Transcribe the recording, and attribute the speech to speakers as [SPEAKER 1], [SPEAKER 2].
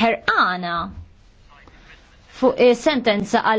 [SPEAKER 1] ħerqana fuq sentenza għal